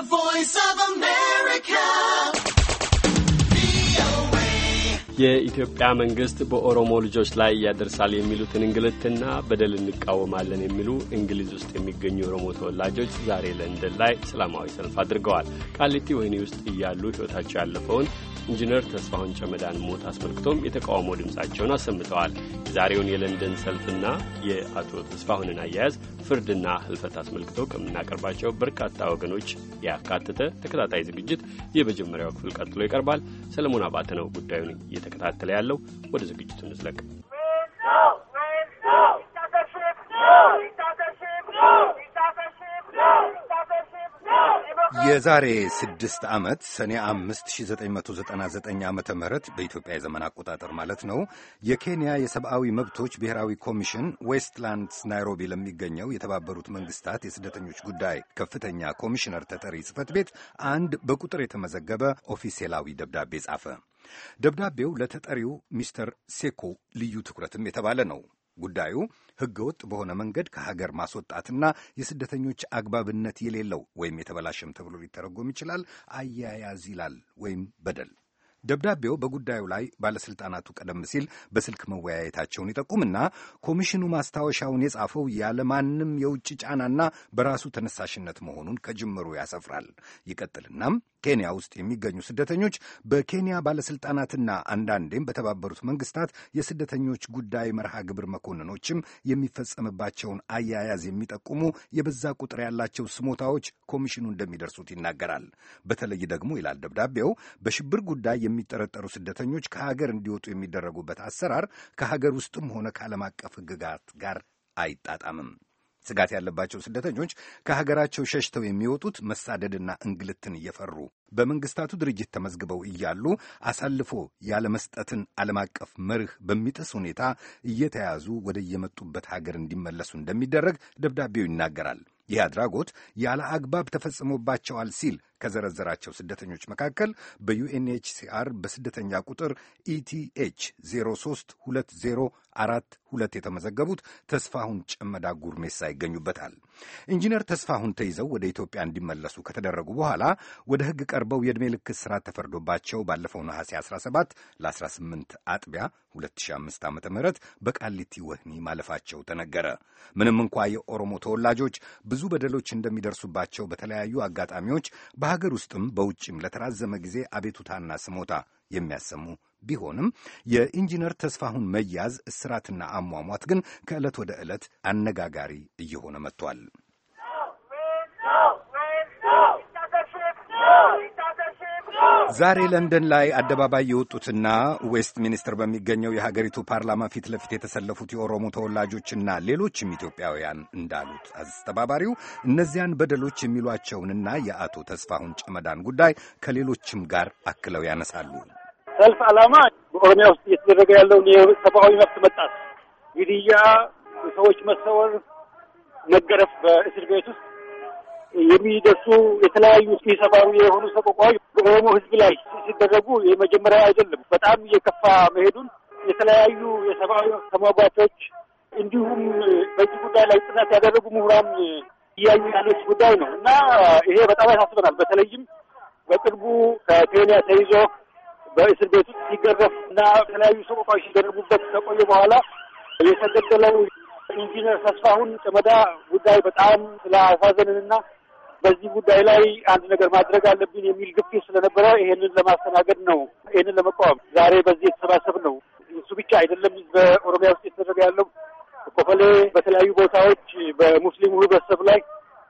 The Voice of America. የኢትዮጵያ መንግስት በኦሮሞ ልጆች ላይ ያደርሳል የሚሉትን እንግልትና በደል እንቃወማለን የሚሉ እንግሊዝ ውስጥ የሚገኙ የኦሮሞ ተወላጆች ዛሬ ለንደን ላይ ሰላማዊ ሰልፍ አድርገዋል። ቃሊቲ ወህኒ ውስጥ እያሉ ሕይወታቸው ያለፈውን ኢንጂነር ተስፋሁን ጨመዳን ሞት አስመልክቶም የተቃውሞ ድምፃቸውን አሰምተዋል። የዛሬውን የለንደን ሰልፍና የአቶ ተስፋሁንን አያያዝ ፍርድና ህልፈት አስመልክቶ ከምናቀርባቸው በርካታ ወገኖች ያካተተ ተከታታይ ዝግጅት የመጀመሪያው ክፍል ቀጥሎ ይቀርባል። ሰለሞን አባተ ነው ጉዳዩን እየተከታተለ ያለው። ወደ ዝግጅቱ እንዝለቅ። የዛሬ ስድስት ዓመት ሰኔ አምስት ሺ ዘጠኝ መቶ ዘጠና ዘጠኝ ዓመተ ምህረት በኢትዮጵያ የዘመን አቆጣጠር ማለት ነው። የኬንያ የሰብአዊ መብቶች ብሔራዊ ኮሚሽን ዌስትላንድስ ናይሮቢ ለሚገኘው የተባበሩት መንግስታት የስደተኞች ጉዳይ ከፍተኛ ኮሚሽነር ተጠሪ ጽህፈት ቤት አንድ በቁጥር የተመዘገበ ኦፊሴላዊ ደብዳቤ ጻፈ። ደብዳቤው ለተጠሪው ሚስተር ሴኮ ልዩ ትኩረትም የተባለ ነው። ጉዳዩ ወጥ በሆነ መንገድ ከሀገር ማስወጣትና የስደተኞች አግባብነት የሌለው ወይም የተበላሸም ተብሎ ሊተረጎም ይችላል አያያዝ ይላል ወይም በደል ደብዳቤው በጉዳዩ ላይ ባለስልጣናቱ ቀደም ሲል በስልክ መወያየታቸውን ይጠቁምና ኮሚሽኑ ማስታወሻውን የጻፈው ያለማንም የውጭ ጫናና በራሱ ተነሳሽነት መሆኑን ከጅምሩ ያሰፍራል። ይቀጥልናም ኬንያ ውስጥ የሚገኙ ስደተኞች በኬንያ ባለስልጣናትና አንዳንዴም በተባበሩት መንግስታት የስደተኞች ጉዳይ መርሃ ግብር መኮንኖችም የሚፈጸምባቸውን አያያዝ የሚጠቁሙ የበዛ ቁጥር ያላቸው ስሞታዎች ኮሚሽኑ እንደሚደርሱት ይናገራል። በተለይ ደግሞ ይላል ደብዳቤው በሽብር ጉዳይ የሚጠረጠሩ ስደተኞች ከሀገር እንዲወጡ የሚደረጉበት አሰራር ከሀገር ውስጥም ሆነ ከዓለም አቀፍ ሕግጋት ጋር አይጣጣምም። ስጋት ያለባቸው ስደተኞች ከሀገራቸው ሸሽተው የሚወጡት መሳደድና እንግልትን እየፈሩ በመንግስታቱ ድርጅት ተመዝግበው እያሉ አሳልፎ ያለመስጠትን ዓለም አቀፍ መርህ በሚጥስ ሁኔታ እየተያዙ ወደ የመጡበት ሀገር እንዲመለሱ እንደሚደረግ ደብዳቤው ይናገራል። ይህ አድራጎት ያለ አግባብ ተፈጽሞባቸዋል ሲል ከዘረዘራቸው ስደተኞች መካከል በዩኤንኤችሲአር በስደተኛ ቁጥር ኢቲኤች 032042 የተመዘገቡት ተስፋሁን ጨመዳ ጉርሜሳ ይገኙበታል። ኢንጂነር ተስፋሁን ተይዘው ወደ ኢትዮጵያ እንዲመለሱ ከተደረጉ በኋላ ወደ ሕግ ቀርበው የዕድሜ ልክ እስራት ተፈርዶባቸው ባለፈው ነሐሴ 17 ለ18 አጥቢያ 2005 ዓ ም በቃሊቲ ወህኒ ማለፋቸው ተነገረ። ምንም እንኳ የኦሮሞ ተወላጆች ብዙ በደሎች እንደሚደርሱባቸው በተለያዩ አጋጣሚዎች በ በሀገር ውስጥም በውጭም ለተራዘመ ጊዜ አቤቱታና ስሞታ የሚያሰሙ ቢሆንም የኢንጂነር ተስፋሁን መያዝ እስራትና አሟሟት ግን ከዕለት ወደ ዕለት አነጋጋሪ እየሆነ መጥቷል። ዛሬ ለንደን ላይ አደባባይ የወጡትና ዌስት ሚኒስትር በሚገኘው የሀገሪቱ ፓርላማ ፊት ለፊት የተሰለፉት የኦሮሞ ተወላጆችና ሌሎችም ኢትዮጵያውያን እንዳሉት አስተባባሪው እነዚያን በደሎች የሚሏቸውንና የአቶ ተስፋሁን ጨመዳን ጉዳይ ከሌሎችም ጋር አክለው ያነሳሉ። ሰልፍ ዓላማ በኦሮሚያ ውስጥ እየተደረገ ያለውን የሰብአዊ መብት መጣት ግድያ፣ ሰዎች መሰወር፣ መገረፍ፣ በእስር ቤት ውስጥ የሚደርሱ የተለያዩ ኢሰብአዊ የሆኑ ሰቆቃዎች በኦሮሞ ህዝብ ላይ ሲደረጉ የመጀመሪያ አይደለም። በጣም እየከፋ መሄዱን የተለያዩ የሰብአዊ ተሟጓቾች እንዲሁም በዚህ ጉዳይ ላይ ጥናት ያደረጉ ምሁራን እያዩ ያለች ጉዳይ ነው እና ይሄ በጣም ያሳስበናል። በተለይም በቅርቡ ከኬንያ ተይዞ በእስር ቤት ውስጥ ሲገረፍ እና የተለያዩ ሰቆቃዎች ሲደረጉበት ከቆየ በኋላ የተገደለው ኢንጂነር ተስፋሁን ጨመዳ ጉዳይ በጣም ስላሳዘንን እና በዚህ ጉዳይ ላይ አንድ ነገር ማድረግ አለብን የሚል ግፊት ስለነበረ ይሄንን ለማስተናገድ ነው፣ ይሄንን ለመቃወም ዛሬ በዚህ የተሰባሰብ ነው። እሱ ብቻ አይደለም፣ በኦሮሚያ ውስጥ የተደረገ ያለው ኮፈሌ፣ በተለያዩ ቦታዎች በሙስሊሙ ህብረተሰብ ላይ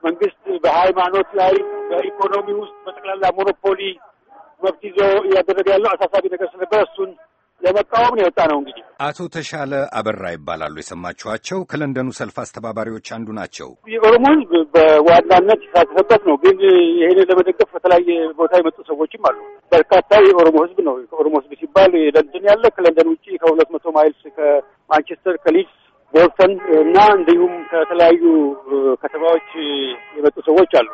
መንግስት በሃይማኖት ላይ በኢኮኖሚ ውስጥ በጠቅላላ ሞኖፖሊ መብት ይዞ እያደረገ ያለው አሳሳቢ ነገር ስለነበረ እሱን ለመቃወም ነው የወጣ ነው። እንግዲህ አቶ ተሻለ አበራ ይባላሉ የሰማችኋቸው። ከለንደኑ ሰልፍ አስተባባሪዎች አንዱ ናቸው። የኦሮሞ ህዝብ በዋናነት የተሳተፈበት ነው። ግን ይህንን ለመደገፍ ከተለያየ ቦታ የመጡ ሰዎችም አሉ። በርካታ የኦሮሞ ህዝብ ነው። ከኦሮሞ ህዝብ ሲባል ለንደን ያለ ከለንደን ውጭ ከሁለት መቶ ማይልስ ከማንቸስተር፣ ከሊድስ፣ ቦስተን እና እንዲሁም ከተለያዩ ከተማዎች የመጡ ሰዎች አሉ።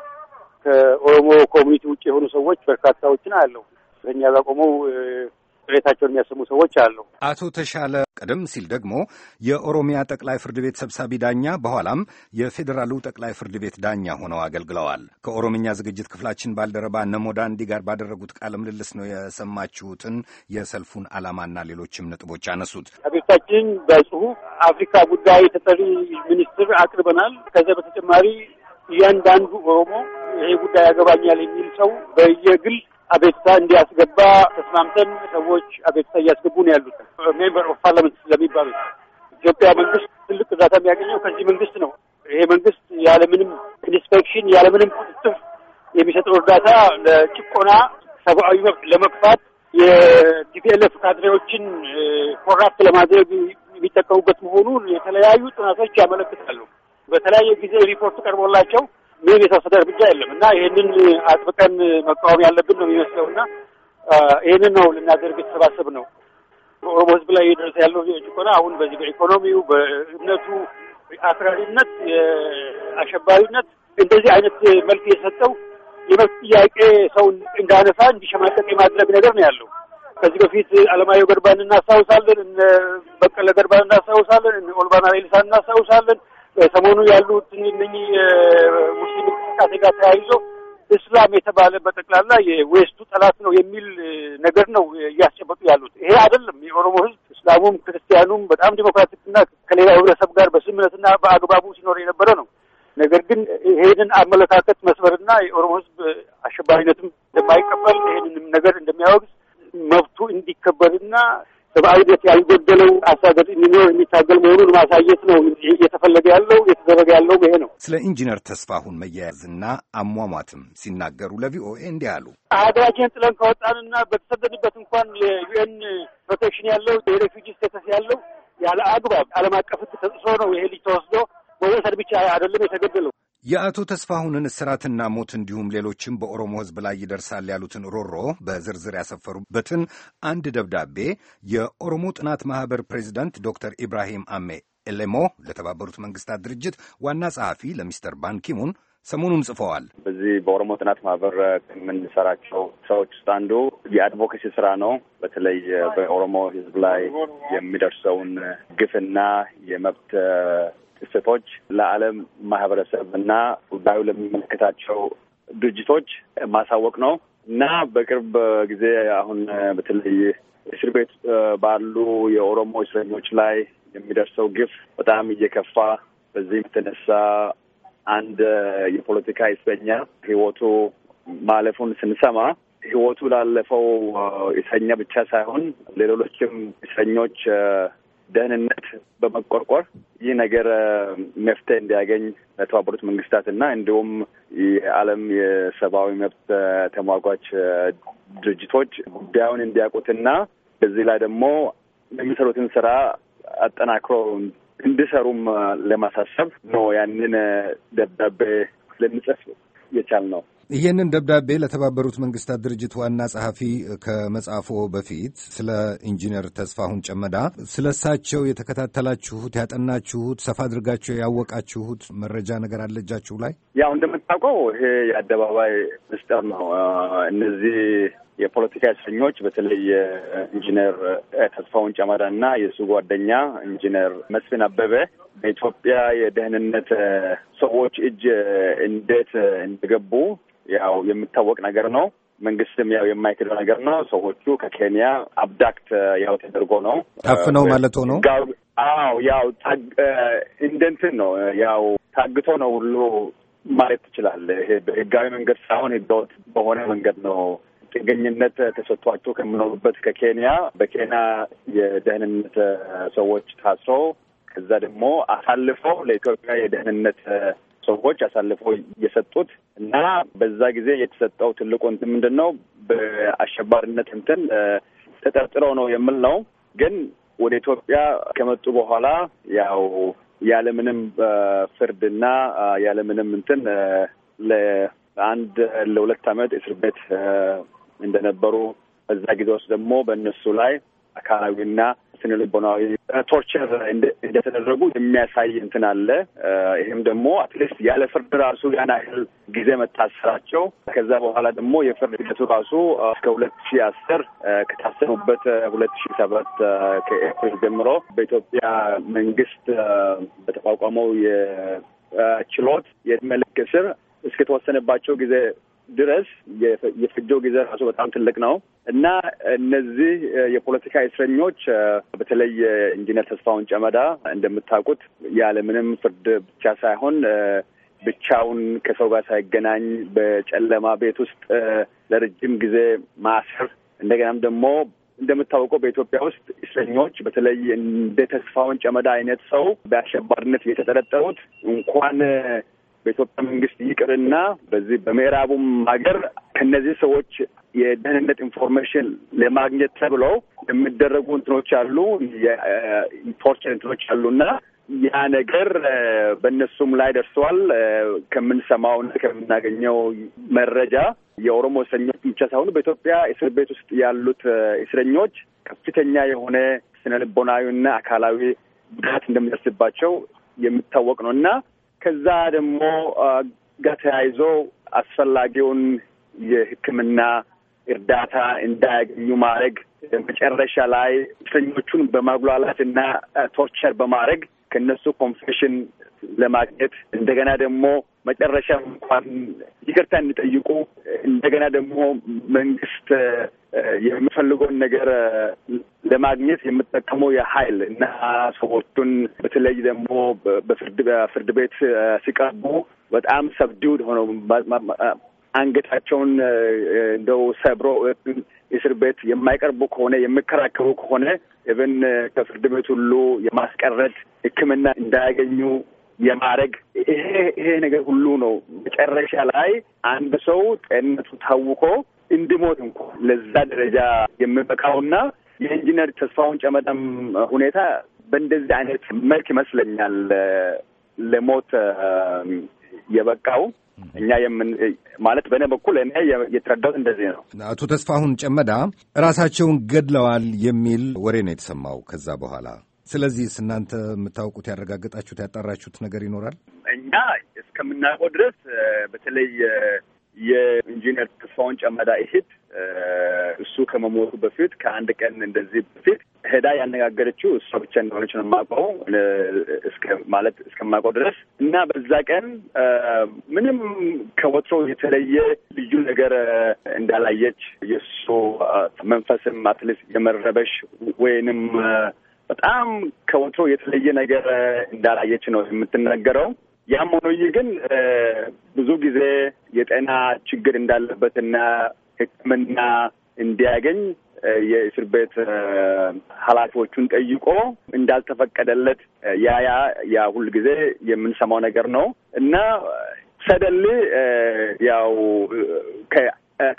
ከኦሮሞ ኮሚኒቲ ውጭ የሆኑ ሰዎች በርካታዎችን አያለው በእኛ ጋር ቆመው ቅሬታቸውን የሚያሰሙ ሰዎች አሉ። አቶ ተሻለ ቀደም ሲል ደግሞ የኦሮሚያ ጠቅላይ ፍርድ ቤት ሰብሳቢ ዳኛ በኋላም የፌዴራሉ ጠቅላይ ፍርድ ቤት ዳኛ ሆነው አገልግለዋል። ከኦሮምኛ ዝግጅት ክፍላችን ባልደረባ ነሞዳንዲ ጋር ባደረጉት ቃለ ምልልስ ነው የሰማችሁትን። የሰልፉን ዓላማና ሌሎችም ነጥቦች አነሱት። አቤታችን በጽሁፍ አፍሪካ ጉዳይ ተጠሪ ሚኒስትር አቅርበናል። ከዚያ በተጨማሪ እያንዳንዱ ኦሮሞ ይሄ ጉዳይ ያገባኛል የሚል ሰው በየግል አቤትታ እንዲያስገባ ተስማምተን ሰዎች አቤትታ እያስገቡ ነው ያሉት። ሜምበር ኦፍ ፓርላመንት ለሚባሉት ኢትዮጵያ መንግስት ትልቅ እርዳታ የሚያገኘው ከዚህ መንግስት ነው። ይሄ መንግስት ያለምንም ኢንስፔክሽን ያለምንም ቁጥጥር የሚሰጠው እርዳታ ለጭቆና፣ ሰብአዊ መብት ለመግፋት የቲፒኤልኤፍ ካድሬዎችን ኮራፕት ለማድረግ የሚጠቀሙበት መሆኑን የተለያዩ ጥናቶች ያመለክታሉ። በተለያየ ጊዜ ሪፖርት ቀርቦላቸው ምን የተወሰደ እርምጃ የለም እና ይህንን አጥብቀን መቃወም ያለብን ነው የሚመስለው እና ይህንን ነው ልናደርግ የተሰባሰብ ነው። በኦሮሞ ህዝብ ላይ እየደረሰ ያለው ጭቆና አሁን በዚህ በኢኮኖሚው፣ በእምነቱ፣ አክራሪነት፣ አሸባሪነት እንደዚህ አይነት መልክ የሰጠው የመብት ጥያቄ ሰው እንዳነሳ እንዲሸማቀቅ የማድረግ ነገር ነው ያለው። ከዚህ በፊት አለማየሁ ገርባን እናስታውሳለን፣ በቀለ ገርባን እናስታውሳለን፣ ኦልባና ሌሊሳን እናስታውሳለን። ሰሞኑ ያሉት እነኚህ ሙስሊም እንቅስቃሴ ጋር ተያይዞ እስላም የተባለ በጠቅላላ የዌስቱ ጠላት ነው የሚል ነገር ነው እያስጨበጡ ያሉት። ይሄ አይደለም። የኦሮሞ ሕዝብ እስላሙም ክርስቲያኑም በጣም ዴሞክራቲክና ከሌላ ህብረተሰብ ጋር በስምነትና በአግባቡ ሲኖር የነበረ ነው። ነገር ግን ይሄንን አመለካከት መስበርና የኦሮሞ ሕዝብ አሸባሪነትም እንደማይቀበል ይሄንንም ነገር እንደሚያወግዝ መብቱ እንዲከበርና ሰብአዊነት ያልጎደለው አስተዳደር እንዲኖር የሚታገል መሆኑን ማሳየት ነው እየተፈለገ ያለው እየተደረገ ያለው ይሄ ነው። ስለ ኢንጂነር ተስፋሁን መያያዝና አሟሟትም ሲናገሩ ለቪኦኤ እንዲህ አሉ። ሀገራችንን ጥለን ከወጣንና በተሰደድበት እንኳን የዩኤን ፕሮቴክሽን ያለው የሬፊጂ ስቴተስ ያለው ያለ አግባብ ዓለም አቀፍ ተጽዕኖ ነው ይሄ ልጅ ተወስዶ በወሰድ ብቻ አይደለም የተገደለው የአቶ ተስፋሁንን እስራትና ሞት እንዲሁም ሌሎችም በኦሮሞ ሕዝብ ላይ ይደርሳል ያሉትን ሮሮ በዝርዝር ያሰፈሩበትን አንድ ደብዳቤ የኦሮሞ ጥናት ማህበር ፕሬዚዳንት ዶክተር ኢብራሂም አሜ ኤሌሞ ለተባበሩት መንግስታት ድርጅት ዋና ጸሐፊ ለሚስተር ባንኪሙን ሰሞኑን ጽፈዋል። በዚህ በኦሮሞ ጥናት ማህበር ከምንሰራቸው ሰዎች ውስጥ አንዱ የአድቮኬሲ ስራ ነው። በተለይ በኦሮሞ ህዝብ ላይ የሚደርሰውን ግፍና የመብት ጥሰቶች ለዓለም ማህበረሰብ እና ጉዳዩ ለሚመለከታቸው ድርጅቶች ማሳወቅ ነው እና በቅርብ ጊዜ አሁን በተለይ እስር ቤት ባሉ የኦሮሞ እስረኞች ላይ የሚደርሰው ግፍ በጣም እየከፋ በዚህ የተነሳ አንድ የፖለቲካ እስረኛ ህይወቱ ማለፉን ስንሰማ ህይወቱ ላለፈው እስረኛ ብቻ ሳይሆን ለሌሎችም እስረኞች ደህንነት በመቆርቆር ይህ ነገር መፍትሄ እንዲያገኝ ለተባበሩት መንግስታት እና እንዲሁም የዓለም የሰብአዊ መብት ተሟጓች ድርጅቶች ጉዳዩን እንዲያውቁትና በዚህ ላይ ደግሞ የሚሰሩትን ስራ አጠናክሮ እንዲሰሩም ለማሳሰብ ነው ያንን ደብዳቤ ልንጽፍ ነው። ይህንን ደብዳቤ ለተባበሩት መንግስታት ድርጅት ዋና ጸሐፊ ከመጻፎ በፊት ስለ ኢንጂነር ተስፋሁን ጨመዳ ስለ እሳቸው የተከታተላችሁት ያጠናችሁት፣ ሰፋ አድርጋቸው ያወቃችሁት መረጃ ነገር አለ እጃችሁ ላይ? ያው እንደምታውቀው ይሄ የአደባባይ ምስጢር ነው። እነዚህ የፖለቲካ እስረኞች በተለይ ኢንጂነር ተስፋውን ጨመዳና የእሱ ጓደኛ ኢንጂነር መስፍን አበበ በኢትዮጵያ የደህንነት ሰዎች እጅ እንዴት እንደገቡ ያው የሚታወቅ ነገር ነው። መንግስትም ያው የማይክደው ነገር ነው። ሰዎቹ ከኬንያ አብዳክት ያው ተደርጎ ነው ታፍነው ማለት ነው። አዎ ያው እንደንትን ነው ያው ታግቶ ነው ሁሉ ማለት ትችላለህ። ህጋዊ መንገድ ሳይሆን ህገወጥ በሆነ መንገድ ነው ጥገኝነት ተሰጥቷቸው ከምኖሩበት ከኬንያ በኬንያ የደህንነት ሰዎች ታስረው ከዛ ደግሞ አሳልፈው ለኢትዮጵያ የደህንነት ሰዎች አሳልፈው የሰጡት እና በዛ ጊዜ የተሰጠው ትልቁ እንትን ምንድን ነው በአሸባሪነት እንትን ተጠርጥረው ነው የሚል ነው። ግን ወደ ኢትዮጵያ ከመጡ በኋላ ያው ያለምንም ፍርድና ያለምንም እንትን ለአንድ ለሁለት ዓመት እስር ቤት እንደነበሩ በዛ ጊዜ ውስጥ ደግሞ በእነሱ ላይ አካላዊና ልቦናዊ ቶርቸር እንደተደረጉ የሚያሳይ እንትን አለ። ይህም ደግሞ አትሊስት ያለ ፍርድ ራሱ ያን ያህል ጊዜ መታሰራቸው ከዛ በኋላ ደግሞ የፍርድ ሂደቱ ራሱ እስከ ሁለት ሺ አስር ከታሰሩበት ሁለት ሺ ሰባት ከኤፕሪል ጀምሮ በኢትዮጵያ መንግስት በተቋቋመው የችሎት የመለክ ስር እስር እስከተወሰነባቸው ጊዜ ድረስ የፈጀው ጊዜ ራሱ በጣም ትልቅ ነው እና እነዚህ የፖለቲካ እስረኞች በተለይ ኢንጂነር ተስፋውን ጨመዳ እንደምታውቁት ያለምንም ፍርድ ብቻ ሳይሆን ብቻውን ከሰው ጋር ሳይገናኝ በጨለማ ቤት ውስጥ ለረጅም ጊዜ ማሰር እንደገናም ደግሞ እንደምታወቀው በኢትዮጵያ ውስጥ እስረኞች በተለይ እንደ ተስፋውን ጨመዳ አይነት ሰው በአሸባሪነት የተጠረጠሩት እንኳን በኢትዮጵያ መንግስት ይቅርና በዚህ በምዕራቡም ሀገር ከነዚህ ሰዎች የደህንነት ኢንፎርሜሽን ለማግኘት ተብለው የሚደረጉ እንትኖች አሉ፣ ቶርቸር እንትኖች አሉና ያ ነገር በእነሱም ላይ ደርሰዋል። ከምንሰማውና ከምናገኘው መረጃ የኦሮሞ እስረኞች ብቻ ሳይሆኑ በኢትዮጵያ እስር ቤት ውስጥ ያሉት እስረኞች ከፍተኛ የሆነ ስነ ልቦናዊና አካላዊ ጉዳት እንደሚደርስባቸው የሚታወቅ ነው እና ከዛ ደግሞ ጋር ተያይዞ አስፈላጊውን የሕክምና እርዳታ እንዳያገኙ ማድረግ መጨረሻ ላይ እስረኞቹን በማጉላላት እና ቶርቸር በማድረግ ከነሱ ኮንፌሽን ለማግኘት እንደገና ደግሞ መጨረሻ እንኳን ይቅርታ እንጠይቁ እንደገና ደግሞ መንግስት የሚፈልገውን ነገር ለማግኘት የምጠቀመው የሀይል እና ሰዎቹን በተለይ ደግሞ በፍርድ ቤት ሲቀርቡ በጣም ሰብዲውድ ሆነው አንገታቸውን እንደው ሰብሮ እስር ቤት የማይቀርቡ ከሆነ የሚከራከሩ ከሆነ ኢቨን ከፍርድ ቤት ሁሉ የማስቀረት ሕክምና እንዳያገኙ የማድረግ ይሄ ይሄ ነገር ሁሉ ነው። መጨረሻ ላይ አንድ ሰው ጤንነቱ ታውቆ እንዲሞት እንኳ ለዛ ደረጃ የሚበቃውና የኢንጂነር ተስፋውን ጨመዳም ሁኔታ በእንደዚህ አይነት መልክ ይመስለኛል ለሞት የበቃው እኛ የምን ማለት በእኔ በኩል እኔ የተረዳሁት እንደዚህ ነው። አቶ ተስፋሁን ጨመዳ ራሳቸውን ገድለዋል የሚል ወሬ ነው የተሰማው ከዛ በኋላ። ስለዚህ እናንተ የምታውቁት ያረጋገጣችሁት፣ ያጣራችሁት ነገር ይኖራል? እኛ እስከምናውቀው ድረስ በተለይ የኢንጂነር ተስፋሁን ጨመዳ እህት እሱ ከመሞቱ በፊት ከአንድ ቀን እንደዚህ በፊት ሄዳ ያነጋገረችው እሷ ብቻ እንደሆነች ነው የማውቀው ማለት እስከማውቀው ድረስ እና በዛ ቀን ምንም ከወትሮ የተለየ ልዩ ነገር እንዳላየች የእሱ መንፈስም አትልስ የመረበሽ ወይንም በጣም ከወትሮ የተለየ ነገር እንዳላየች ነው የምትናገረው። ያም ሆኖ ይህ ግን ብዙ ጊዜ የጤና ችግር እንዳለበትና ሕክምና እንዲያገኝ የእስር ቤት ኃላፊዎቹን ጠይቆ እንዳልተፈቀደለት ያ ያ ያ ጊዜ የምንሰማው ነገር ነው እና ሰደል ያው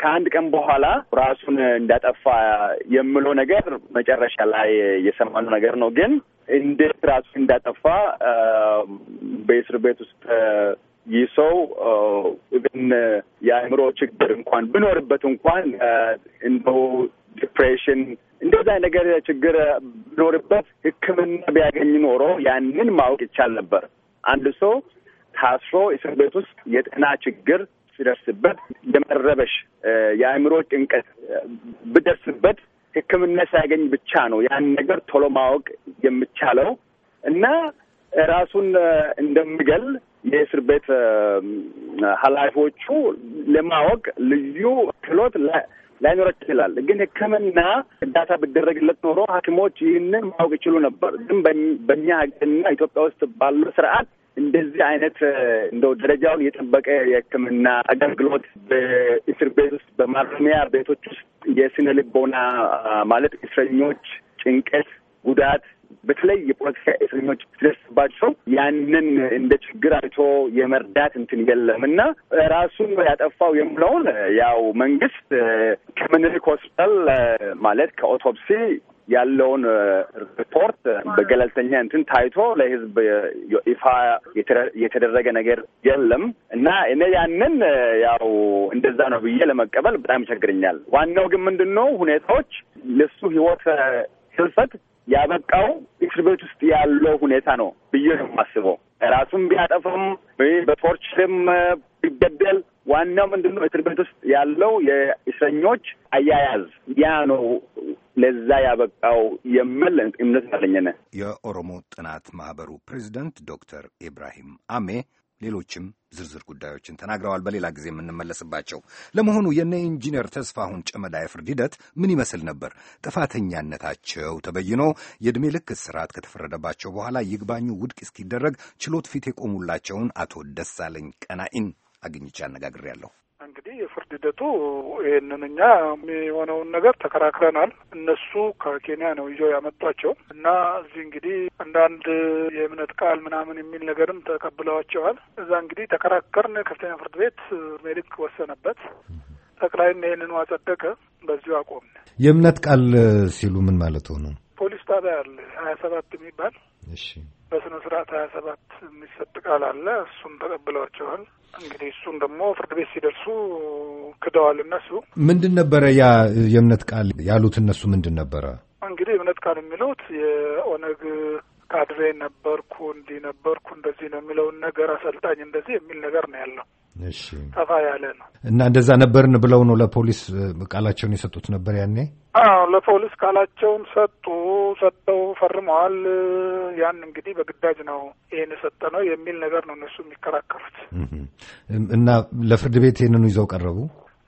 ከአንድ ቀን በኋላ ራሱን እንዳጠፋ የምለው ነገር መጨረሻ ላይ የሰማነው ነገር ነው። ግን እንዴት ራሱን እንዳጠፋ በእስር ቤት ውስጥ ይህ ሰው የአእምሮ ችግር እንኳን ብኖርበት እንኳን እንደ ዲፕሬሽን እንደዛ ነገር ችግር ብኖርበት ሕክምና ቢያገኝ ኖሮ ያንን ማወቅ ይቻል ነበር። አንድ ሰው ታስሮ እስር ቤት ውስጥ የጤና ችግር ሲደርስበት፣ የመረበሽ የአእምሮ ጭንቀት ብደርስበት ሕክምና ሲያገኝ ብቻ ነው ያን ነገር ቶሎ ማወቅ የሚቻለው እና ራሱን እንደሚገል የእስር ቤት ኃላፊዎቹ ለማወቅ ልዩ ክህሎት ላይኖረች ይችላል። ግን ሕክምና እርዳታ ቢደረግለት ኖሮ ሐኪሞች ይህንን ማወቅ ይችሉ ነበር። ግን በእኛ ሀገርና ኢትዮጵያ ውስጥ ባለው ስርዓት እንደዚህ አይነት እንደው ደረጃውን የጠበቀ የሕክምና አገልግሎት በእስር ቤት ውስጥ በማረሚያ ቤቶች ውስጥ የስነ ልቦና ማለት እስረኞች ጭንቀት፣ ጉዳት በተለይ የፖለቲካ እስረኞች ሲደርስባቸው ያንን እንደ ችግር አይቶ የመርዳት እንትን የለም እና ራሱን ያጠፋው የምለውን ያው መንግስት ከምኒልክ ሆስፒታል ማለት ከኦቶፕሲ ያለውን ሪፖርት በገለልተኛ እንትን ታይቶ ለህዝብ ይፋ የተደረገ ነገር የለም እና እኔ ያንን ያው እንደዛ ነው ብዬ ለመቀበል በጣም ይቸግረኛል። ዋናው ግን ምንድን ነው ሁኔታዎች ለሱ ህይወት ህልፈት ያበቃው እስር ቤት ውስጥ ያለው ሁኔታ ነው ብዬ ነው የማስበው። ራሱም ቢያጠፍም በቶርችርም ቢገደል ዋናው ምንድን ነው እስር ቤት ውስጥ ያለው የእስረኞች አያያዝ ያ ነው ለዛ ያበቃው የሚል እምነት አለኝ። የኦሮሞ ጥናት ማህበሩ ፕሬዚደንት ዶክተር ኢብራሂም አሜ ሌሎችም ዝርዝር ጉዳዮችን ተናግረዋል። በሌላ ጊዜ የምንመለስባቸው። ለመሆኑ የነ ኢንጂነር ተስፋሁን ጨመዳ የፍርድ ሂደት ምን ይመስል ነበር? ጥፋተኛነታቸው ተበይኖ የዕድሜ ልክ እስራት ከተፈረደባቸው በኋላ ይግባኙ ውድቅ እስኪደረግ ችሎት ፊት የቆሙላቸውን አቶ ደሳለኝ ቀናኢን አግኝቼ አነጋግሬያለሁ። የፍርድ ሂደቱ ይህንን እኛ የሚሆነውን ነገር ተከራክረናል። እነሱ ከኬንያ ነው ይዘው ያመጧቸው እና እዚህ እንግዲህ አንዳንድ የእምነት ቃል ምናምን የሚል ነገርም ተቀብለዋቸዋል። እዛ እንግዲህ ተከራከርን። ከፍተኛ ፍርድ ቤት ሜሊክ ወሰነበት። ጠቅላይ ይህንን አጸደቀ። በዚሁ አቆምን። የእምነት ቃል ሲሉ ምን ማለት ሆኑ? ፖሊስ ጣቢያ አለ ሀያ ሰባት የሚባል እሺ በስነ ስርዓት ሀያ ሰባት የሚሰጥ ቃል አለ። እሱን ተቀብለዋቸዋል። እንግዲህ እሱን ደግሞ ፍርድ ቤት ሲደርሱ ክደዋል። እነሱ ምንድን ነበረ ያ የእምነት ቃል ያሉት እነሱ ምንድን ነበረ እንግዲህ እምነት ቃል የሚሉት የኦነግ ካድሬ ነበርኩ፣ እንዲህ ነበርኩ፣ እንደዚህ ነው የሚለውን ነገር አሰልጣኝ እንደዚህ የሚል ነገር ነው ያለው ሰፋ ያለ ነው እና እንደዛ ነበርን ብለው ነው ለፖሊስ ቃላቸውን የሰጡት ነበር ያኔ? አዎ ለፖሊስ ቃላቸውን ሰጡ። ሰጠው ፈርመዋል። ያን እንግዲህ በግዳጅ ነው ይህን የሰጠ ነው የሚል ነገር ነው እነሱ የሚከራከሩት። እና ለፍርድ ቤት ይህንኑ ይዘው ቀረቡ።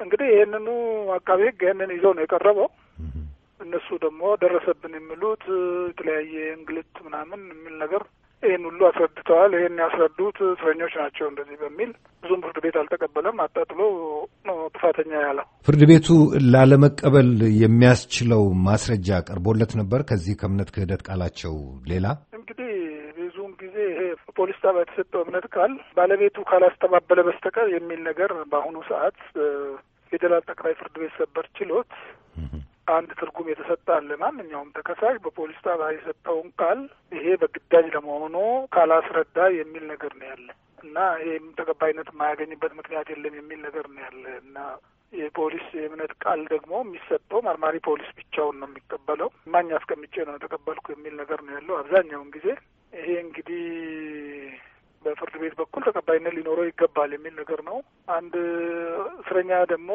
እንግዲህ ይህንኑ አቃቤ ሕግ ይህንን ይዘው ነው የቀረበው። እነሱ ደግሞ ደረሰብን የሚሉት የተለያየ እንግልት ምናምን የሚል ነገር ይህን ሁሉ አስረድተዋል። ይህን ያስረዱት እስረኞች ናቸው እንደዚህ በሚል ብዙም ፍርድ ቤት አልተቀበለም። አጣጥሎ ጥፋተኛ ያለው። ፍርድ ቤቱ ላለመቀበል የሚያስችለው ማስረጃ ቀርቦለት ነበር። ከዚህ ከእምነት ክህደት ቃላቸው ሌላ እንግዲህ ብዙውን ጊዜ ይሄ ፖሊስ ጣቢያ የተሰጠው እምነት ቃል ባለቤቱ ካላስተባበለ በስተቀር የሚል ነገር በአሁኑ ሰዓት ፌዴራል ጠቅላይ ፍርድ ቤት ሰበር ችሎት አንድ ትርጉም የተሰጠ አለ። ማንኛውም ተከሳሽ በፖሊስ ጣቢያ የሰጠውን ቃል ይሄ በግዳጅ ለመሆኑ ካላስረዳ የሚል ነገር ነው ያለ እና ይህም ተቀባይነት የማያገኝበት ምክንያት የለም የሚል ነገር ነው ያለ እና የፖሊስ የእምነት ቃል ደግሞ የሚሰጠው መርማሪ ፖሊስ ብቻውን ነው የሚቀበለው። ማኝ አስቀምጬ ነው የተቀበልኩ የሚል ነገር ነው ያለው አብዛኛውን ጊዜ። ይሄ እንግዲህ በፍርድ ቤት በኩል ተቀባይነት ሊኖረው ይገባል የሚል ነገር ነው። አንድ እስረኛ ደግሞ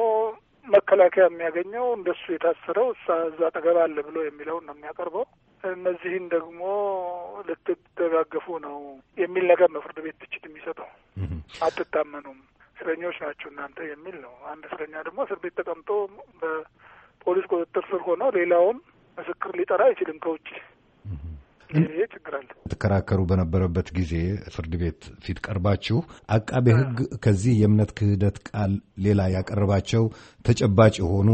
መከላከያ የሚያገኘው እንደሱ የታሰረው እዛ አጠገብ አለ ብሎ የሚለውን ነው የሚያቀርበው። እነዚህን ደግሞ ልትደጋገፉ ነው የሚል ነገር ነው ፍርድ ቤት ትችት የሚሰጠው። አትታመኑም፣ እስረኞች ናቸው እናንተ የሚል ነው። አንድ እስረኛ ደግሞ እስር ቤት ተቀምጦ በፖሊስ ቁጥጥር ስር ሆኖ ሌላውን ምስክር ሊጠራ አይችልም ከውጭ ይሄ ችግር አለ። ተከራከሩ በነበረበት ጊዜ ፍርድ ቤት ፊት ቀርባችሁ አቃቤ ሕግ ከዚህ የእምነት ክህደት ቃል ሌላ ያቀረባቸው ተጨባጭ የሆኑ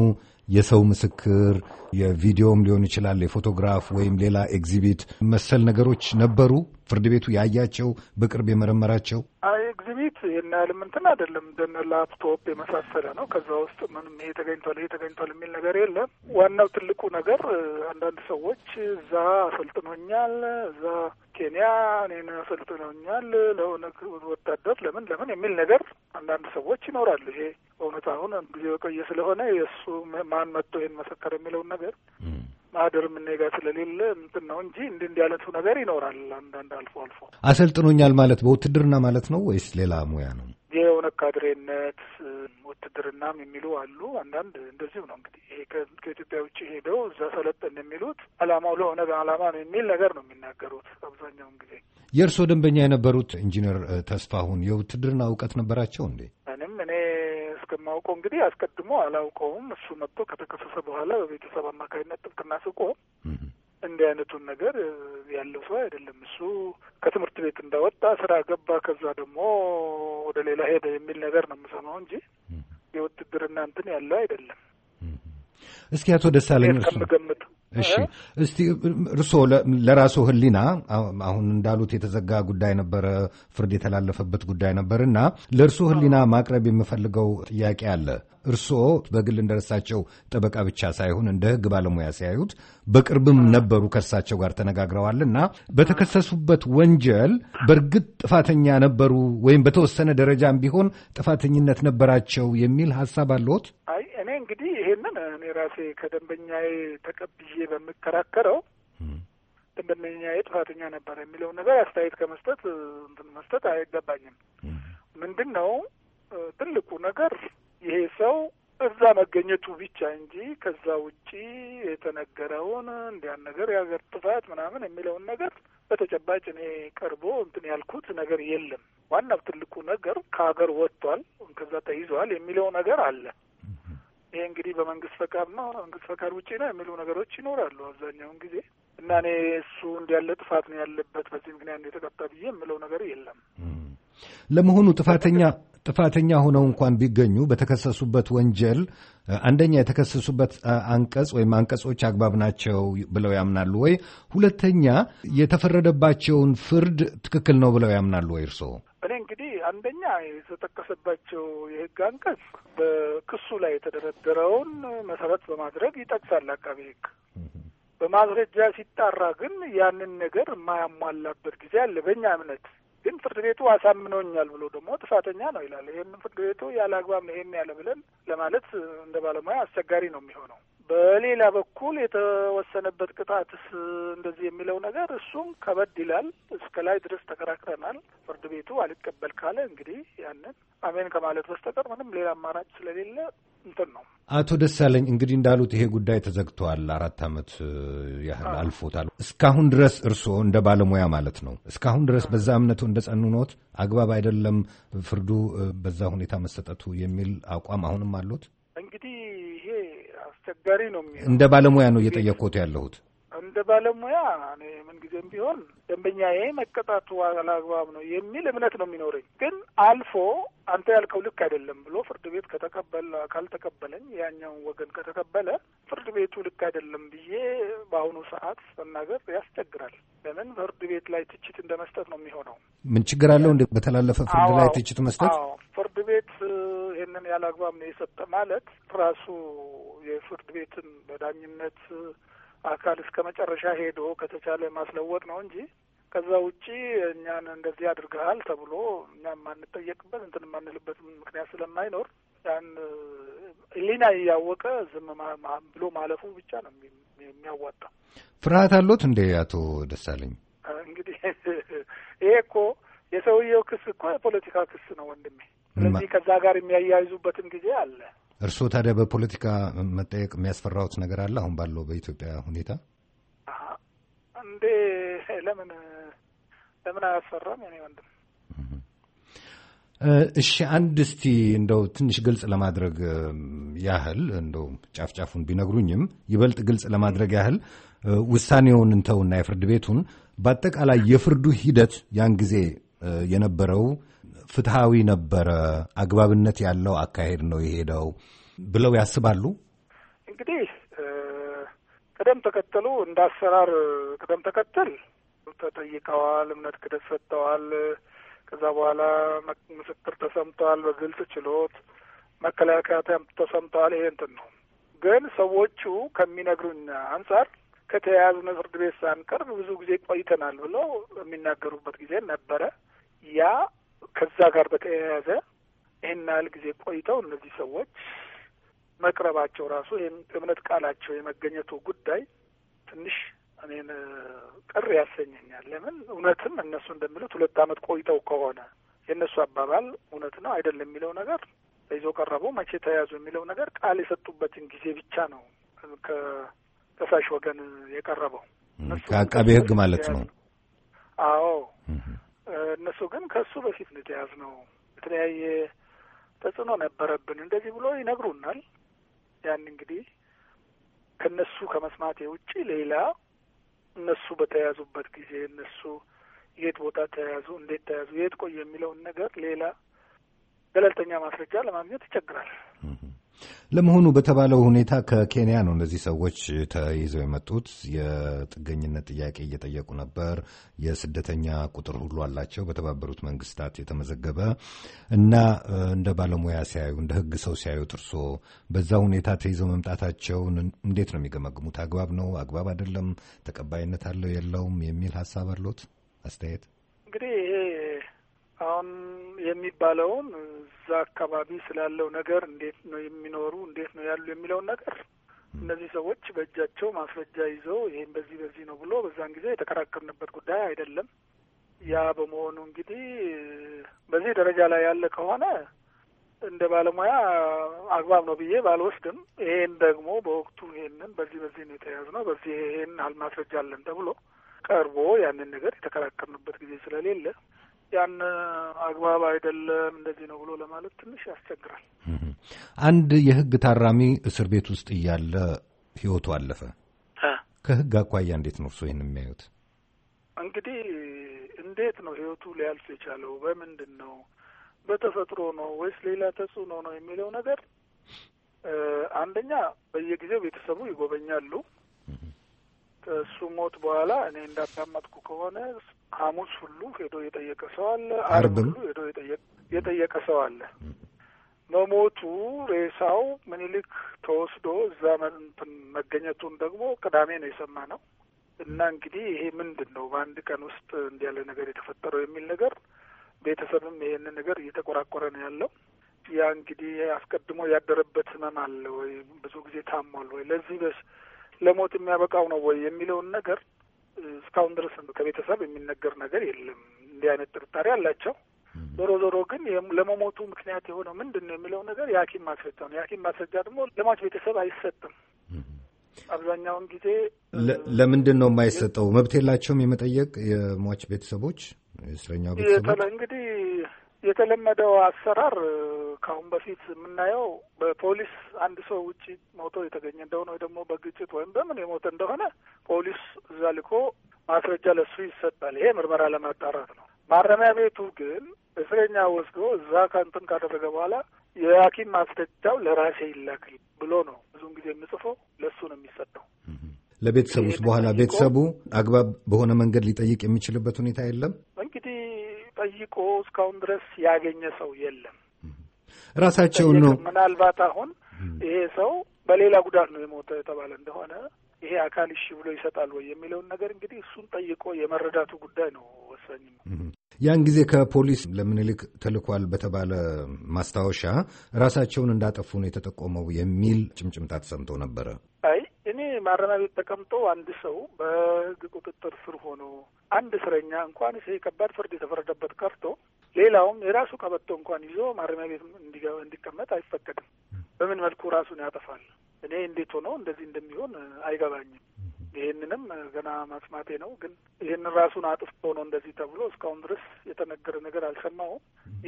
የሰው ምስክር የቪዲዮም ሊሆን ይችላል፣ የፎቶግራፍ ወይም ሌላ ኤግዚቢት መሰል ነገሮች ነበሩ። ፍርድ ቤቱ ያያቸው በቅርብ የመረመራቸው ኤግዚቢት ይህን እንትን አይደለም። እንደነ ላፕቶፕ የመሳሰለ ነው። ከዛ ውስጥ ምንም ይሄ ተገኝቷል፣ ይሄ ተገኝቷል የሚል ነገር የለም። ዋናው ትልቁ ነገር አንዳንድ ሰዎች እዛ አሰልጥኖኛል፣ እዛ ኬንያ እኔን አሰልጥኖኛል ለሆነ ወታደር ለምን ለምን የሚል ነገር አንዳንድ ሰዎች ይኖራሉ። ይሄ በእውነት አሁን ጊዜ የቆየ ስለሆነ የእሱ ማን መጥቶ ይህን መሰከር የሚለውን ነገር ማህደር የምንሄጋ ስለሌለ እንትን ነው እንጂ እንዲ እንዲ ያለቱ ነገር ይኖራል። አንዳንድ አልፎ አልፎ አሰልጥኖኛል ማለት በውትድርና ማለት ነው ወይስ ሌላ ሙያ ነው? የሆነ ካድሬነት፣ ውትድርናም የሚሉ አሉ። አንዳንድ እንደዚሁ ነው እንግዲህ ይሄ ከኢትዮጵያ ውጭ ሄደው እዛ ሰለጠን የሚሉት አላማው ለሆነ አላማ ነው የሚል ነገር ነው የሚናገሩት አብዛኛውን ጊዜ። የእርስዎ ደንበኛ የነበሩት ኢንጂነር ተስፋሁን የውትድርና እውቀት ነበራቸው እንዴ? የማውቀው እንግዲህ አስቀድሞ አላውቀውም። እሱ መጥቶ ከተከሰሰ በኋላ በቤተሰብ አማካኝነት ጥብቅና ስቆ እንዲህ አይነቱን ነገር ያለው ሰው አይደለም። እሱ ከትምህርት ቤት እንዳወጣ ስራ ገባ፣ ከዛ ደግሞ ወደ ሌላ ሄደ የሚል ነገር ነው የምሰማው እንጂ የውትድርና እንትን ያለው አይደለም። እስኪ አቶ ደሳለኝ እሱ እሺ እስቲ እርስዎ ለራስዎ ህሊና አሁን እንዳሉት የተዘጋ ጉዳይ ነበረ፣ ፍርድ የተላለፈበት ጉዳይ ነበር እና ለእርስዎ ህሊና ማቅረብ የምፈልገው ጥያቄ አለ። እርስዎ በግል እንደረሳቸው ጠበቃ ብቻ ሳይሆን እንደ ህግ ባለሙያ ሲያዩት በቅርብም ነበሩ፣ ከእርሳቸው ጋር ተነጋግረዋል እና በተከሰሱበት ወንጀል በእርግጥ ጥፋተኛ ነበሩ ወይም በተወሰነ ደረጃም ቢሆን ጥፋተኝነት ነበራቸው የሚል ሀሳብ አለዎት? አይ እንግዲህ ይሄንን እኔ ራሴ ከደንበኛዬ ተቀብዬ በምከራከረው ደንበኛዬ ጥፋተኛ ነበር የሚለውን ነገር አስተያየት ከመስጠት እንትን መስጠት አይገባኝም። ምንድን ነው ትልቁ ነገር ይሄ ሰው እዛ መገኘቱ ብቻ እንጂ ከዛ ውጪ የተነገረውን እንዲያን ነገር የሀገር ጥፋት ምናምን የሚለውን ነገር በተጨባጭ እኔ ቀርቦ እንትን ያልኩት ነገር የለም። ዋናው ትልቁ ነገር ከሀገር ወጥቷል፣ ከዛ ተይዟል የሚለው ነገር አለ። ይሄ እንግዲህ በመንግስት ፈቃድ ነው መንግስት ፈቃድ ውጭ ነው የሚሉ ነገሮች ይኖራሉ አብዛኛውን ጊዜ እና እኔ እሱ እንዲያለ ጥፋት ነው ያለበት በዚህ ምክንያት እንደተቀጣ ብዬ የምለው ነገር የለም። ለመሆኑ ጥፋተኛ ጥፋተኛ ሆነው እንኳን ቢገኙ በተከሰሱበት ወንጀል አንደኛ የተከሰሱበት አንቀጽ ወይም አንቀጾች አግባብ ናቸው ብለው ያምናሉ ወይ? ሁለተኛ የተፈረደባቸውን ፍርድ ትክክል ነው ብለው ያምናሉ ወይ? እርስዎ አንደኛ የተጠቀሰባቸው የህግ አንቀጽ በክሱ ላይ የተደረደረውን መሰረት በማድረግ ይጠቅሳል አቃቤ ህግ። በማስረጃ ሲጣራ ግን ያንን ነገር የማያሟላበት ጊዜ አለ። በእኛ እምነት ግን ፍርድ ቤቱ አሳምኖኛል ብሎ ደግሞ ጥፋተኛ ነው ይላል። ይህን ፍርድ ቤቱ ያለ አግባብ ይሄን ያለ ብለን ለማለት እንደ ባለሙያ አስቸጋሪ ነው የሚሆነው። በሌላ በኩል የተወሰነበት ቅጣትስ እንደዚህ የሚለው ነገር እሱም ከበድ ይላል። እስከ ላይ ድረስ ተከራክረናል። ፍርድ ቤቱ አልቀበል ካለ እንግዲህ ያንን አሜን ከማለት በስተቀር ምንም ሌላ አማራጭ ስለሌለ እንትን ነው። አቶ ደሳለኝ እንግዲህ እንዳሉት ይሄ ጉዳይ ተዘግቷል። አራት ዓመት ያህል አልፎታል። እስካሁን ድረስ እርስዎ እንደ ባለሙያ ማለት ነው፣ እስካሁን ድረስ በዛ እምነቱ እንደ ጸኑ ኖት? አግባብ አይደለም ፍርዱ በዛ ሁኔታ መሰጠቱ የሚል አቋም አሁንም አሉት? እንግዲህ አስቸጋሪ ነው። እንደ ባለሙያ ነው እየጠየቅኩት ያለሁት። እንደ ባለሙያ እኔ ምንጊዜም ቢሆን ደንበኛዬ መቀጣቱ አላግባብ ነው የሚል እምነት ነው የሚኖረኝ። ግን አልፎ አንተ ያልከው ልክ አይደለም ብሎ ፍርድ ቤት ከተቀበለ ካልተቀበለኝ ያኛውን ወገን ከተቀበለ ፍርድ ቤቱ ልክ አይደለም ብዬ በአሁኑ ሰዓት መናገር ያስቸግራል። ለምን ፍርድ ቤት ላይ ትችት እንደ መስጠት ነው የሚሆነው። ምን ችግር አለው እንደ በተላለፈ ፍርድ ላይ ትችት መስጠት? ፍርድ ቤት ይህንን ያላግባብ ነው የሰጠ ማለት ራሱ የፍርድ ቤትን በዳኝነት አካል እስከ መጨረሻ ሄዶ ከተቻለ ማስለወጥ ነው እንጂ ከዛ ውጪ እኛን እንደዚህ አድርገሃል ተብሎ እኛ የማንጠየቅበት እንትን የማንልበት ምክንያት ስለማይኖር ያን ሕሊና እያወቀ ዝም ብሎ ማለፉ ብቻ ነው የሚያዋጣው። ፍርሃት አሎት እንዴ አቶ ደሳለኝ? እንግዲህ ይሄ እኮ የሰውየው ክስ እኮ የፖለቲካ ክስ ነው ወንድሜ። ስለዚህ ከዛ ጋር የሚያያይዙበትን ጊዜ አለ። እርስዎ ታዲያ በፖለቲካ መጠየቅ የሚያስፈራውት ነገር አለ? አሁን ባለው በኢትዮጵያ ሁኔታ እንዴ? ለምን ለምን አያስፈራም የኔ ወንድም? እሺ አንድ እስቲ እንደው ትንሽ ግልጽ ለማድረግ ያህል እንደው ጫፍ ጫፉን ቢነግሩኝም ይበልጥ ግልጽ ለማድረግ ያህል ውሳኔውን እንተውና የፍርድ ቤቱን በአጠቃላይ የፍርዱ ሂደት ያን ጊዜ የነበረው ፍትሐዊ ነበረ፣ አግባብነት ያለው አካሄድ ነው የሄደው ብለው ያስባሉ? እንግዲህ ቅደም ተከተሉ እንደ አሰራር ቅደም ተከተል ተጠይቀዋል፣ እምነት ክደት ሰጥተዋል። ከዛ በኋላ ምስክር ተሰምተዋል፣ በግልጽ ችሎት መከላከያ ተሰምተዋል። ይሄ እንትን ነው ግን ሰዎቹ ከሚነግሩኝ አንጻር ከተያያዝን ፍርድ ቤት ሳንቀርብ ብዙ ጊዜ ቆይተናል ብለው የሚናገሩበት ጊዜ ነበረ። ያ ከዛ ጋር በተያያዘ ይህን ያህል ጊዜ ቆይተው እነዚህ ሰዎች መቅረባቸው ራሱ ይህም እምነት ቃላቸው የመገኘቱ ጉዳይ ትንሽ እኔን ቅር ያሰኘኛል። ለምን እውነትም እነሱ እንደሚሉት ሁለት አመት ቆይተው ከሆነ የእነሱ አባባል እውነት ነው አይደለም የሚለው ነገር ይዞ ቀረቡ፣ መቼ ተያዙ የሚለው ነገር ቃል የሰጡበትን ጊዜ ብቻ ነው ከከሳሽ ወገን የቀረበው ከአቃቤ ሕግ ማለት ነው። አዎ እነሱ ግን ከሱ በፊት ነው የተያዝነው። የተለያየ ተጽዕኖ ነበረብን እንደዚህ ብሎ ይነግሩናል። ያን እንግዲህ ከነሱ ከመስማቴ ውጪ ሌላ እነሱ በተያዙበት ጊዜ እነሱ የት ቦታ ተያዙ፣ እንዴት ተያዙ፣ የት ቆዩ የሚለውን ነገር ሌላ ገለልተኛ ማስረጃ ለማግኘት ይቸግራል። ለመሆኑ በተባለው ሁኔታ ከኬንያ ነው እነዚህ ሰዎች ተይዘው የመጡት። የጥገኝነት ጥያቄ እየጠየቁ ነበር። የስደተኛ ቁጥር ሁሉ አላቸው በተባበሩት መንግስታት የተመዘገበ እና እንደ ባለሙያ ሲያዩ፣ እንደ ህግ ሰው ሲያዩት እርስዎ በዛ ሁኔታ ተይዘው መምጣታቸውን እንዴት ነው የሚገመግሙት? አግባብ ነው አግባብ አይደለም፣ ተቀባይነት አለው የለውም የሚል ሀሳብ አለዎት? አስተያየት እንግዲህ ይሄ አሁን የሚባለውን አካባቢ ስላለው ነገር እንዴት ነው የሚኖሩ እንዴት ነው ያሉ የሚለውን ነገር እነዚህ ሰዎች በእጃቸው ማስረጃ ይዘው ይህም በዚህ በዚህ ነው ብሎ በዛን ጊዜ የተከራከርንበት ጉዳይ አይደለም። ያ በመሆኑ እንግዲህ በዚህ ደረጃ ላይ ያለ ከሆነ እንደ ባለሙያ አግባብ ነው ብዬ ባልወስድም፣ ይሄን ደግሞ በወቅቱ ይሄንን በዚህ በዚህ ነው የተያዝነው በዚህ ይሄን ያህል አለን ተብሎ ቀርቦ ያንን ነገር የተከራከርንበት ጊዜ ስለሌለ ያን አግባብ አይደለም እንደዚህ ነው ብሎ ለማለት ትንሽ ያስቸግራል። አንድ የህግ ታራሚ እስር ቤት ውስጥ እያለ ህይወቱ አለፈ። ከህግ አኳያ እንዴት ነው እርሶ ይህን የሚያዩት? እንግዲህ እንዴት ነው ህይወቱ ሊያልፍ የቻለው? በምንድን ነው? በተፈጥሮ ነው ወይስ ሌላ ተጽዕኖ ነው የሚለው ነገር አንደኛ በየጊዜው ቤተሰቡ ይጎበኛሉ። ከእሱ ሞት በኋላ እኔ እንዳዳመጥኩ ከሆነ ሐሙስ ሁሉ ሄዶ የጠየቀ ሰው አለ። አርብም ሄዶ የጠየቀ ሰው አለ። መሞቱ ሬሳው ምኒልክ ተወስዶ እዛ መገኘቱን ደግሞ ቅዳሜ ነው የሰማ ነው። እና እንግዲህ ይሄ ምንድን ነው በአንድ ቀን ውስጥ እንዲያለ ያለ ነገር የተፈጠረው የሚል ነገር ቤተሰብም ይሄንን ነገር እየተቆራቆረ ነው ያለው። ያ እንግዲህ አስቀድሞ ያደረበት ህመም አለ ወይ፣ ብዙ ጊዜ ታሟል ወይ፣ ለዚህ በስ ለሞት የሚያበቃው ነው ወይ የሚለውን ነገር እስካሁን ድረስ ከቤተሰብ የሚነገር ነገር የለም። እንዲህ አይነት ጥርጣሬ አላቸው። ዞሮ ዞሮ ግን ለመሞቱ ምክንያት የሆነው ምንድን ነው የሚለው ነገር የሐኪም ማስረጃ ነው። የሐኪም ማስረጃ ደግሞ ለሟች ቤተሰብ አይሰጥም። አብዛኛውን ጊዜ ለምንድን ነው የማይሰጠው? መብት የላቸውም የመጠየቅ የሟች ቤተሰቦች፣ የእስረኛው ቤተሰቦች እንግዲህ የተለመደው አሰራር ከአሁን በፊት የምናየው በፖሊስ አንድ ሰው ውጭ ሞቶ የተገኘ እንደሆነ ወይ ደግሞ በግጭት ወይም በምን የሞተ እንደሆነ ፖሊስ እዛ ልኮ ማስረጃ ለሱ ይሰጣል። ይሄ ምርመራ ለማጣራት ነው። ማረሚያ ቤቱ ግን እስረኛ ወስዶ እዛ ከንትን ካደረገ በኋላ የሐኪም ማስረጃው ለራሴ ይላክል ብሎ ነው ብዙን ጊዜ የምጽፈው። ለሱ ነው የሚሰጠው ለቤተሰቡ ውስጥ በኋላ ቤተሰቡ አግባብ በሆነ መንገድ ሊጠይቅ የሚችልበት ሁኔታ የለም እንግዲህ ጠይቆ እስካሁን ድረስ ያገኘ ሰው የለም። ራሳቸውን ነው ምናልባት አሁን ይሄ ሰው በሌላ ጉዳት ነው የሞተ የተባለ እንደሆነ ይሄ አካል እሺ ብሎ ይሰጣል ወይ የሚለውን ነገር እንግዲህ እሱን ጠይቆ የመረዳቱ ጉዳይ ነው ወሳኝ። ያን ጊዜ ከፖሊስ ለምኒልክ ተልኳል በተባለ ማስታወሻ ራሳቸውን እንዳጠፉ ነው የተጠቆመው የሚል ጭምጭምታ ተሰምቶ ነበረ። ማረሚያ ቤት ተቀምጦ አንድ ሰው በህግ ቁጥጥር ስር ሆኖ አንድ እስረኛ እንኳን ይሄ ከባድ ፍርድ የተፈረደበት ቀርቶ ሌላውም የራሱ ቀበቶ እንኳን ይዞ ማረሚያ ቤት እንዲቀመጥ አይፈቀድም። በምን መልኩ ራሱን ያጠፋል? እኔ እንዴት ሆኖ እንደዚህ እንደሚሆን አይገባኝም። ይህንንም ገና ማስማቴ ነው። ግን ይህንን ራሱን አጥፍቶ ነው እንደዚህ ተብሎ እስካሁን ድረስ የተነገረ ነገር አልሰማሁም።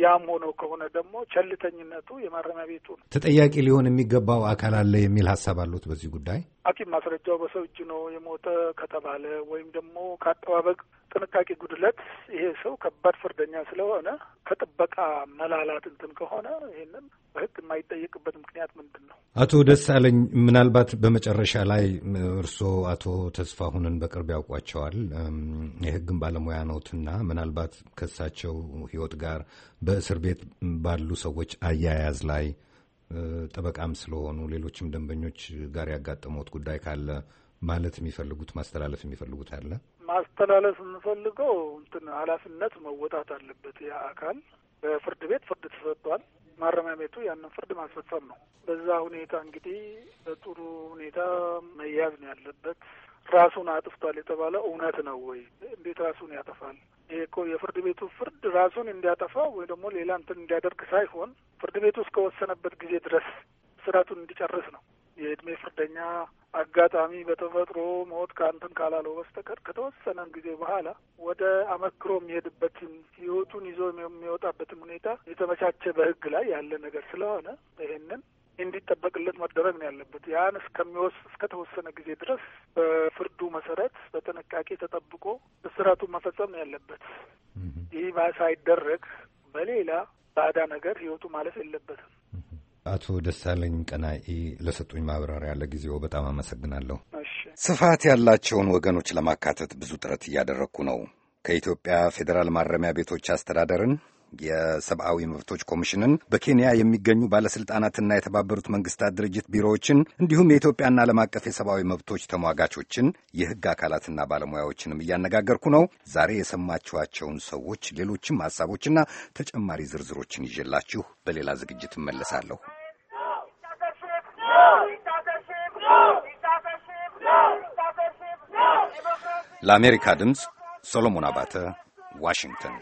ያም ሆኖ ከሆነ ደግሞ ቸልተኝነቱ የማረሚያ ቤቱ ነው። ተጠያቂ ሊሆን የሚገባው አካል አለ የሚል ሀሳብ አሉት በዚህ ጉዳይ ሐኪም ማስረጃው በሰው እጅ ነው የሞተ ከተባለ ወይም ደግሞ ከአጠባበቅ ጥንቃቄ ጉድለት ይሄ ሰው ከባድ ፍርደኛ ስለሆነ ከጥበቃ መላላት እንትን ከሆነ ይህንን በሕግ የማይጠየቅበት ምክንያት ምንድን ነው? አቶ ደሳለኝ፣ ምናልባት በመጨረሻ ላይ እርስዎ አቶ ተስፋሁንን በቅርብ ያውቋቸዋል፣ የሕግን ባለሙያ ነውትና ምናልባት ከእሳቸው ሕይወት ጋር በእስር ቤት ባሉ ሰዎች አያያዝ ላይ ጠበቃም ስለሆኑ ሌሎችም ደንበኞች ጋር ያጋጠመት ጉዳይ ካለ ማለት የሚፈልጉት ማስተላለፍ የሚፈልጉት አለ? ማስተላለፍ የምፈልገው እንትን ኃላፊነት መወጣት አለበት። ያ አካል በፍርድ ቤት ፍርድ ተሰጥቷል። ማረሚያ ቤቱ ያንን ፍርድ ማስፈጸም ነው። በዛ ሁኔታ እንግዲህ በጥሩ ሁኔታ መያዝ ነው ያለበት። ራሱን አጥፍቷል የተባለ እውነት ነው ወይ? እንዴት ራሱን ያጠፋል? ይሄ እኮ የፍርድ ቤቱ ፍርድ ራሱን እንዲያጠፋ ወይ ደግሞ ሌላ እንትን እንዲያደርግ ሳይሆን ፍርድ ቤቱ እስከወሰነበት ጊዜ ድረስ ስራቱን እንዲጨርስ ነው። የእድሜ ፍርደኛ አጋጣሚ በተፈጥሮ ሞት ከአንተን ካላለው በስተቀር ከተወሰነ ጊዜ በኋላ ወደ አመክሮ የሚሄድበትን ህይወቱን ይዞ የሚወጣበትን ሁኔታ የተመቻቸ በህግ ላይ ያለ ነገር ስለሆነ ይህንን እንዲጠበቅለት መደረግ ነው ያለበት። ያን እስከሚወስ እስከተወሰነ ጊዜ ድረስ በፍርዱ መሰረት በጥንቃቄ ተጠብቆ እስራቱ መፈጸም ነው ያለበት። ይህ ሳይደረግ በሌላ ባዳ ነገር ህይወቱ ማለፍ የለበትም። አቶ ደሳለኝ ቀናኢ ለሰጡኝ ማብራሪያ ለጊዜው በጣም አመሰግናለሁ። ስፋት ያላቸውን ወገኖች ለማካተት ብዙ ጥረት እያደረግኩ ነው። ከኢትዮጵያ ፌዴራል ማረሚያ ቤቶች አስተዳደርን የሰብአዊ መብቶች ኮሚሽንን በኬንያ የሚገኙ ባለስልጣናትና የተባበሩት መንግስታት ድርጅት ቢሮዎችን እንዲሁም የኢትዮጵያና ዓለም አቀፍ የሰብአዊ መብቶች ተሟጋቾችን የህግ አካላትና ባለሙያዎችንም እያነጋገርኩ ነው። ዛሬ የሰማችኋቸውን ሰዎች ሌሎችም ሀሳቦችና ተጨማሪ ዝርዝሮችን ይዤላችሁ በሌላ ዝግጅት እመለሳለሁ። ለአሜሪካ ድምፅ ሶሎሞን አባተ ዋሽንግተን